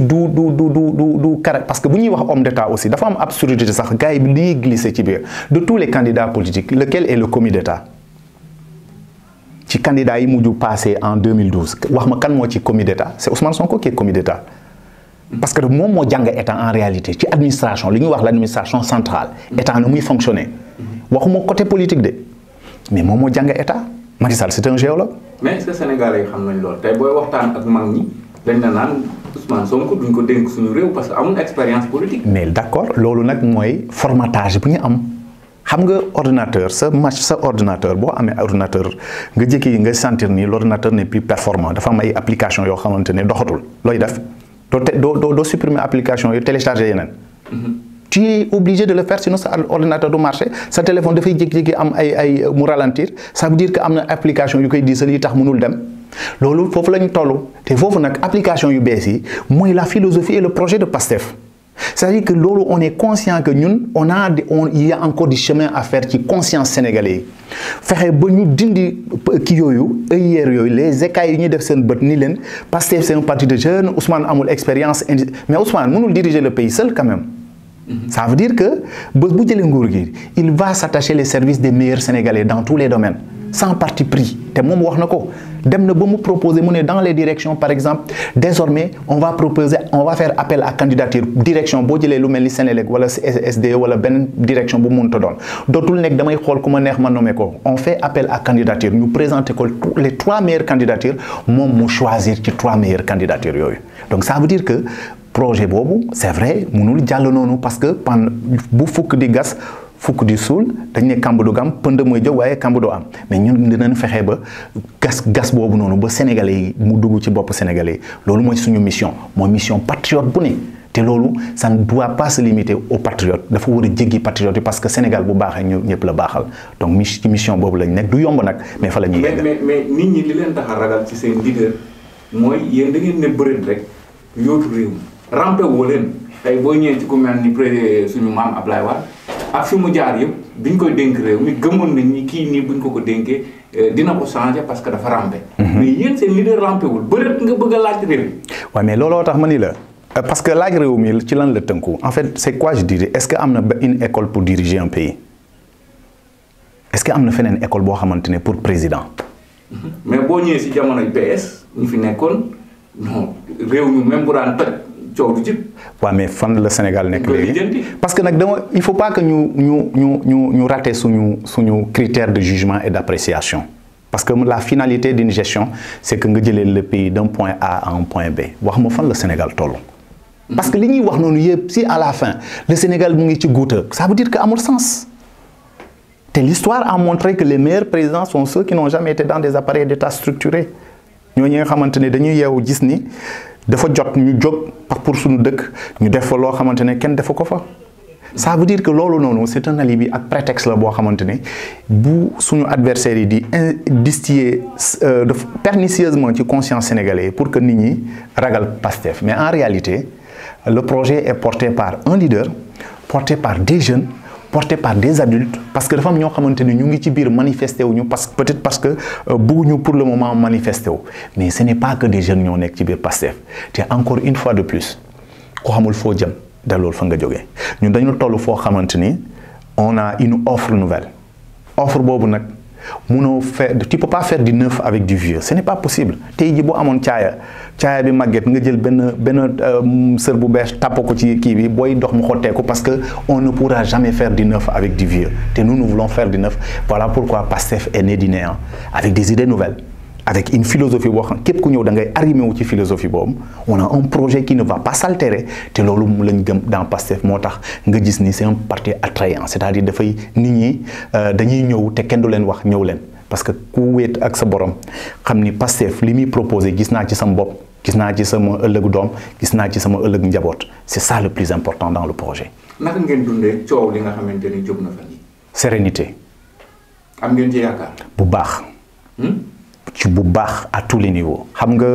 nit du du du du du parce que bu ñuy wax homme d'état aussi dafa am absurdité sax gars yi li glisser ci biir de tous les candidats politiques lequel est le commis d'état ci candidat yi muju passé en 2012 wax ma kan mo ci commis d'état c'est Ousmane Sonko qui est commis d'état parce que moom moo jàng état en réalité ci administration li ñuy wax l'administration centrale état na muy fonctionner waxuma côté politique de mais le moo jàng état Macky c'est un géologue. mais est-ce que sénégalais yi xam nañ loolu tey booy waxtaan ak mag dañ na naan Ousmane Sonko duñ ko dénk suñu réew parce que amul expérience politique. mais d' accord loolu nag mooy formatage bu ñu am xam nga ordinateur sa match sa ordinateur boo amee ordinateur nga yi nga sentir nii lordinateur ordinateur n' plus performant dafa am application yoo xamante ne doxatul looy def doo te doo doo application yi télécharger yeneen. Mm-hmm. tu es obligé de le faire sinon ça ordinateur de marché sa téléphone dafay jékki-jékki am ay ay mu ralentir ça veut dire que amna application yu koy diisal yi tax mënul dem lolu fofu lañ ñu té fofu nak application yu bési moy la philosophie et le projet de PASTEF c'est-à-dire que Lolo, on est conscient que nous, on a on y a encore du chemin à faire ci conscience sénégalais Il faut ba ñu dindi kii yooyu hier yooyu les écailles yi de def seen bët ni PASTEF c'est un parti de jeunes Ousmane amul expérience mais Ousmane mënul diriger le pays seul quand même Mhm. Ça veut dire que il va s'attacher les services des meilleurs Sénégalais dans tous les domaines, sans parti pris. proposer dans les directions, par exemple, désormais, on va proposer, on va faire appel à candidature. Direction, Bodjele Lumeli Sénélec, ou SDE, ou ben direction, on fait appel à candidature. Nous présentons les trois meilleures candidatures, moi, je choisir les trois meilleures candidatures. Donc ça veut dire que projet bobu c'est vrai munul jàll noonu parce que pan bu fuk di gas fuk di suul dañ ne kàmb du gam pënd mooy am mais ñun dinañ fexé ba gas gas bobu noonu ba sénégalais mu dugg ci bop sénégalais lolu moy suñu mission mooy mission patriote bu né té lolu ça ne doit pas se limiter aux patriotes dafa war a jéggi patriote parce que Sénégal bu baxé ñu ñëpp la baxal donc mission bobu lañ nek du yomb nak mais fa la ñuy mais mais nit ñi li leen tax ragal ci seen leader moy yéen da ngeen ne bëreet rek yóotu réew rampe wolen ay tey ñëw ci ku mel ni président suñu mam Ablaye war ak fi mu jaar yëpp bi ñu koy dénk réew mi gëmon na ni ki ni buñ ko ko dénkee euh, dina ko changer parce que dafa rampe. Mhm. mais yeen seen leader rampe wul bëreet nga bëgg a laaj réew. wa mais looloo tax ma la. Euh, parce que laaj réew mi ci lan la tënku en fait c'est quoi je dirais est-ce que amna une école pour diriger un pays est-ce que amna fenen école bo xamantene pour président. Mhm. mais bo ñëw ci jamonoy PS ñu fi nekkoon non réew mi même pour daan toj. Oui mais fan le Sénégal n'est pas... parce que nak, dama il faut pas que nous ñu ñu ñu ñu de jugement et d'appréciation parce que la finalité d'une gestion c'est que nous allons le pays d'un point A à un point B wax ma fan le Sénégal parce que li ñuy nous dit si à la fin le Sénégal est un ci ça veut dire que mon sens. l'histoire a montré que les meilleurs présidents sont ceux qui n'ont jamais été dans des appareils d'État structurés Nous nga xamante dañuy dafa jot ñu jog par pour suñu dëkk ñu def fa loo xamante ne kenn fa ça veut dire que loolu noonu c'est un alibi ak prétexte la boo xamante ne bu suñu adversaire yi di distiller euh, def pernicieusement ci conscience sénégalaise pour que nit ñi ragal Pastef mais en réalité le projet est porté par un leader porté par des jeunes porté par des adultes parce que dafa am ñoo xamante ni ñu ngi ci biir manifester wu ñu parce que peut-être parce que euh, bëgguñu pour le moment manifesté wu mais ce n'est pas que des jeunes ñoo nekk ci biir Pastef te encore une fois de plus ko xamul foo jëm dalool fa nga jógee ñun dañu toll foo xamante ni on a une offre nouvelle offre boobu nag tu ne peux pas faire du neuf avec du vieux ce n'est pas possible parce que on ne pourra jamais faire du neuf avec du vieux nous nous voulons faire du neuf voilà pourquoi PASSEF est né du avec des idées nouvelles avec une philosophie boo xam ku ñëw da ngay arrimé wu ci philosophie boobu on a un projet qui ne va pas s'altérer lolu mu lañ gëm dans Pastef motax nga gis ni c'est un parti attrayant c'est-à-dire dafay nit ñi euh, dañuy ñëw té kenn du leen wax ñëw leen parce que ku wéet ak sa borom xamni Pastef limi muy proposé gis naa ci sama bop gis naa ci sama ëllëgu doom gis naa ci sama ëllëgu njabot c'est ça le plus important dans le projet. naka ngeen dundé ciow li nga xamante ni na fa ni sérénité. am ngeen ci yaakaar. bu baax. Hmm? ci bu baax à tous les niveaux xam nga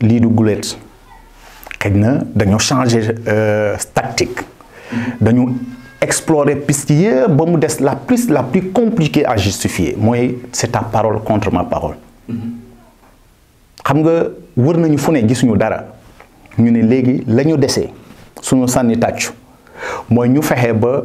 lii du gulet xëy na dañoo changer euh, tactique dañu explorer piste yëpp ba mu des la plus la plus compliquée à justifier mooy c'est ta parole contre ma parole xam nga wër nañu fu ne gisuñu dara ñu ne léegi la ñu desee suñu sànni tàccu mooy ñu fexe ba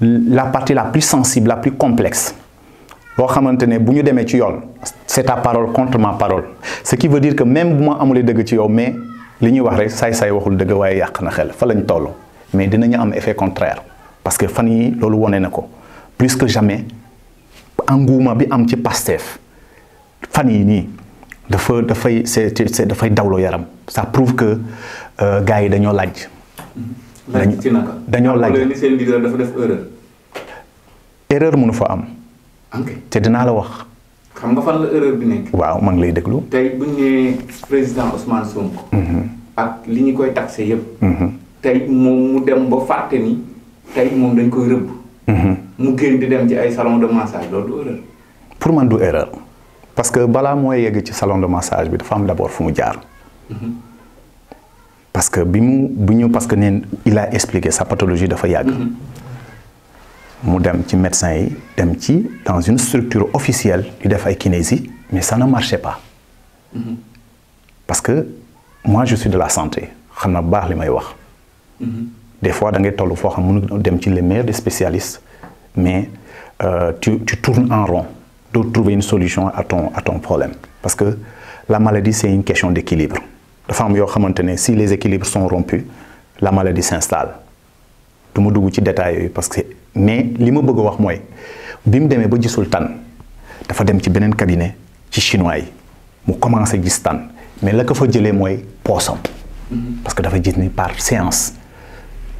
la partie la plus sensible la plus complexe boo xamante ne bu ci c'est ta parole contre ma parole ce qui veut dire que même bu ma amulee ci yow mais li ñuy wax rek say say waxul dëgg waaye yàq na xel fa lañ toll mais dinañu am effet contraire parce que fan yi loolu wone na ko plus que jamais engouement bi am ci Pastef fan yi nii dafa dafay c'est dafay dawloo yaram ça prouve que euh, gars yi dañoo laaj. dañoo laaj dañoo laaj. erreur mënu fa am. te dinaa la wax. xam nga fan la erreur bi nekk. waaw man ngi lay déglu. tey bu ñu nee président Ousmane Sonko. Mhm. ak li ñu koy taxé yëpp. Mhm. tey moom mu dem ba fàtte ni tey moom dañ koy rëbb. Mhm. mu gën di dem ci ay salon de massage loolu du erreur. pour man du erreur parce que balaa mooy yegg ci salon de massage bi dafa am d'abord fu mu jaar. parce que bi mu bu ñu parce que neen il a expliqué sa pathologie dafa yàgg. mu dem ci médecin yi dans une structure officielle di def ay kinésie mais ça ne marchait pas mm-hmm. parce que moi je suis de la santé xam na baax li may mm-hmm. des fois da ngay toll foo xam dem ci les meilleurs des spécialistes mais euh, tu, tu tournes en rond de trouver une solution à ton, à ton problème. Parce que la maladie, c'est une question d'équilibre. Si les équilibres sont rompus, la maladie s'installe. Je ne vais pas détail parce que mais li ma bëgg wax moy bi Sultan, ba gisul tan dafa dem ci cabinet ci chinois mu commencé mais la ko fa jëlé parce que dafa ni par séance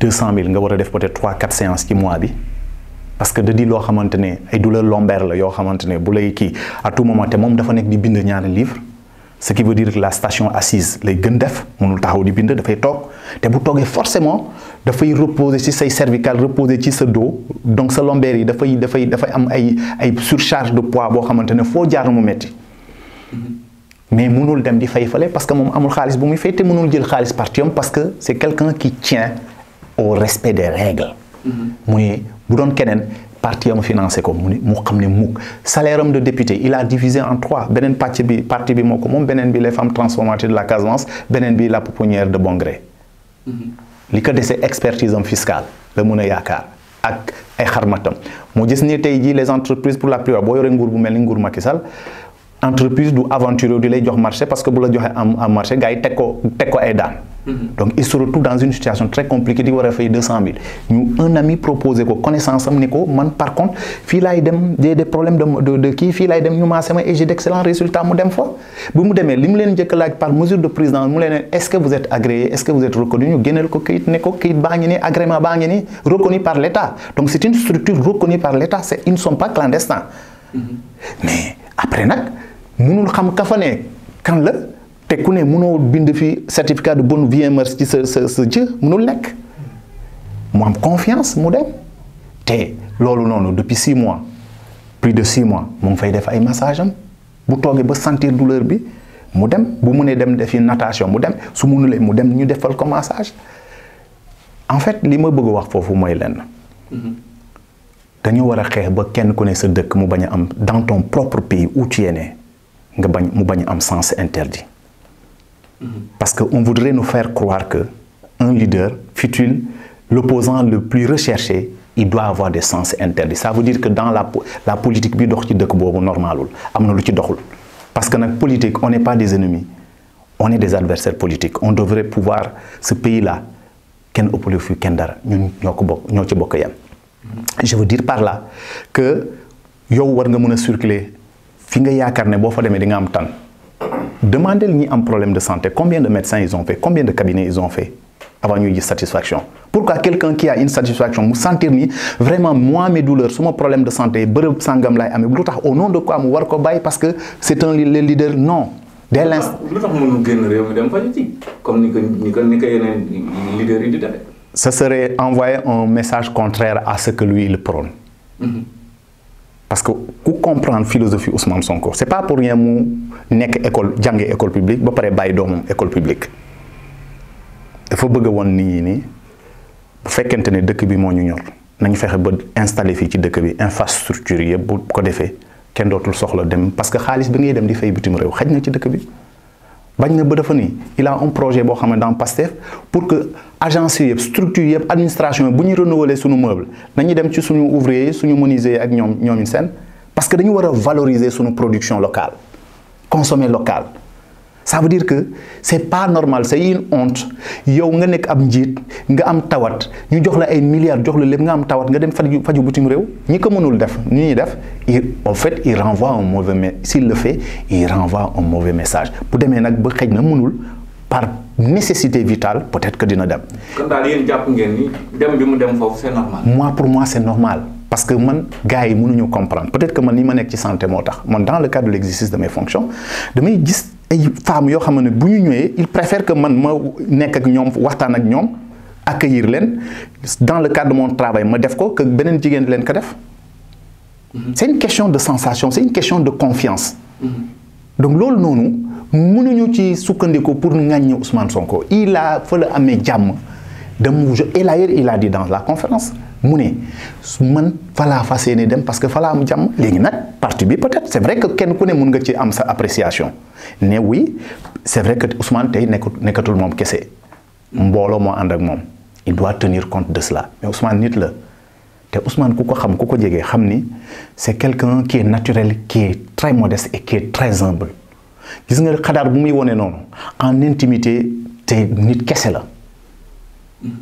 200 000, nga wara peut-être 3 4 séances ci mois bi parce que de di ay douleur lombaire la bu à tout moment dafa di livre ce qui veut dire que la station assise lay gën def mënul taxaw di bind fay tok forcément fay reposer ci say cervical reposer ci sa dos donc sa lombaire yi fay da fay am ay ay surcharge de poids bo xamantene fo foo jaar mu metti mais mënul dem di fay fale parce que mom amul xaalis bu muy fété mënul jël xaalis partiom parce que c'est quelqu'un qui tient au respect des règles mm-hmm. muy bu doon keneen parti am financé ko mu xamné mu salaire de député il a divisé en trois benen parti bi parti bi moko mom benen bi les femmes transformatrices de la Casamance benen bi la pouponnière de Bongré mm-hmm li ko dese expertise fiscale le mën yakar ak ay xarmatam mo gis ni tay ji les entreprises pour la plupart bo yoré ngour bu melni ngour nguur Macky Sall entreprise du aventure di lay jox marché parce que bu la joxee am am marché gay yi teg ko ko ay daan Mhm. donc il se retrouve dans une situation très compliquée Il war a 200 000. Nous, un ami proposé ko connaissance am man par contre fii laay dem des des problèmes de de il y a dem ñu maase et j'ai d'excellents résultats mu dem fois, bu mu demee li mu par mesure de présidence est-ce que vous êtes agréé est-ce que vous êtes reconnu ñu génneel ko këyit ne ko agrément reconnu par l'État donc c'est une structure reconnue par l'État c'est ils ne sont pas clandestins mhm. mais après nous mënul xam ka fa ne kan la te ku ne mënoo bind fi certificat de bonne vie et merci ci sa sa sa jë mënul nekk mu am confiance mu dem te loolu noonu depuis six mois plus de six mois mu ngi fay def ay massage am bu toogee ba sentir douleur bi mu dem bu mënee dem defi natation mu dem su mënulee mu dem ñu defal ko massage en fait li ma bëgg wax foofu mooy lenn mhm. dañu war a xeex ba kenn ku ne sa dëkk mu bañ a am dans ton propre pays où tu es né nga bañ mu bañ a am sens interdit. Parce qu'on voudrait nous faire croire que un leader, fut l'opposant le plus recherché, il doit avoir des sens interdits. Ça veut dire que dans la, la politique, il normal. Parce que dans politique, on n'est pas des ennemis, on est des adversaires politiques. On devrait pouvoir, ce pays-là, je veux dire par là que yo war nga mëna circuler fi nga yaakar ne bo fa demandez lui un problème de santé combien de médecins ils ont fait combien de cabinets ils ont fait avant une satisfaction pourquoi quelqu'un qui a une satisfaction me sentir ni vraiment moi mes douleurs mon problème de santé au nom de quoi parce que c'est un leader non dès l'instant ce serait envoyer un message contraire à ce que lui il prône mm-hmm parce que ku comprendre philosophie Ousmane Sonko c'est pas pour rien mu nekk école jàngi école publique ba paré baye dom école publique dafa bëgg a woon nit ñi nii bu fekkente ne dëkk bi mo ñu ñor nañ fexé ba installer fi ci dëkk bi infrastructure yëpp bu ko défé, kenn dotul soxla dem parce que xaalis bi ngay dem di fay bitum rew, xajna ci dëkk bi il a un projet dans le dans PASTEF pour que les agences, structure structures, administration renouveler suñu immeuble. nous dem ci suñu nous moniser suñu menuisier parce que nous devons valoriser notre production locale consommer local ça veut dire que c'est pas normal c'est une honte yow nga nekk ab njiit nga am tawat ñu jox la ay milliards jox la lépp nga am tawat nga dem faju faju bitim réew ñi ko mënul def ñu ñuy def il en fait il renvoie un mauvais s'il le fait il renvoie un mauvais message pour des nag ba xëj na mënul par nécessité vitale peut-être que dina dem. quand daal yéen ni dem bi dem foofu c'est normal. moi pour moi c'est normal. parce que man gars yi mënuñu comprendre peut-être que man ni ma nekk ci santé moo man dans le cadre de l'exercice de mes fonctions damay gis ay femmes yo xamné ne bu ñu ñëwee il préfère que man ma nekk ak ñom waxtaan ak ñom accueillir leen dans le cadre de mon travail ma def ko que benen jigen leen ko def mm-hmm. c'est une question de sensation c'est une question de confiance mm-hmm. donc loolu mënu ñu ci sukkandiku pour ŋàññi Ousmane Sonko il a fa la amee jàmm de mu et l'ailleurs il a dit dans la conférence mune man fala fas dem parce que fala am jàmm légui nak parti bi peut-être c'est vrai que ken ku ne mun nga ci am sa appréciation né oui c'est vrai que Ousmane tay nekk nekkatul moom kese mbooloo moo ànd ak mom il doit tenir compte de cela mais Ousmane nit la té Ousmane ku ko xam ku ko djégé xam ni c'est quelqu'un qui est naturel qui est très modeste et qui est très humble gis nga xadaar bu muy woné non en intimité té nit kessé la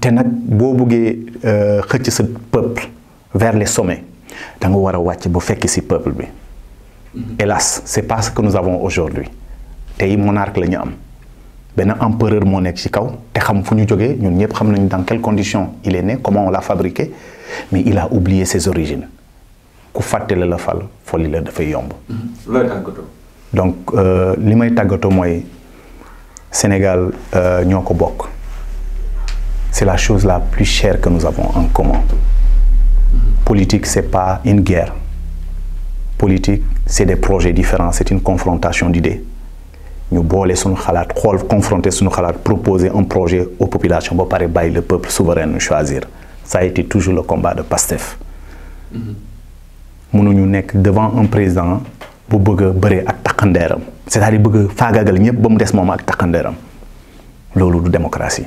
te nag boo buggee euh, xëcc sa peuple vers les sommets da nga wara wacc bu fekk ci peuple bi mhm. hélas c'est pas ce que nous avons aujourd'hui yi monarque la ñu am ben empereur mo nek ci kaw té xam fu ñu jógee ñun ñëpp xam nañu dans quelles conditions il est né comment on l'a fabriqué mais il a oublié ses origines ku faté la fal foli la fay yomb. Mhm. looy tàggatoo. donc euh limay tàggatoo moy Sénégal euh ñoko bokk c'est la chose la plus chère que nous avons en commun. Politique, c'est pas une guerre. Politique, c'est des projets différents, c'est une confrontation d'idées. Nous ne pouvons pas nous confronter suñu proposer un projet aux populations pour pare le peuple souverain nous choisir ça a été toujours le combat de Pastef. Nous sommes mm-hmm. devant un président bu bëgg de bëree c'est-à-dire bëgg ñëpp ba mu démocratie.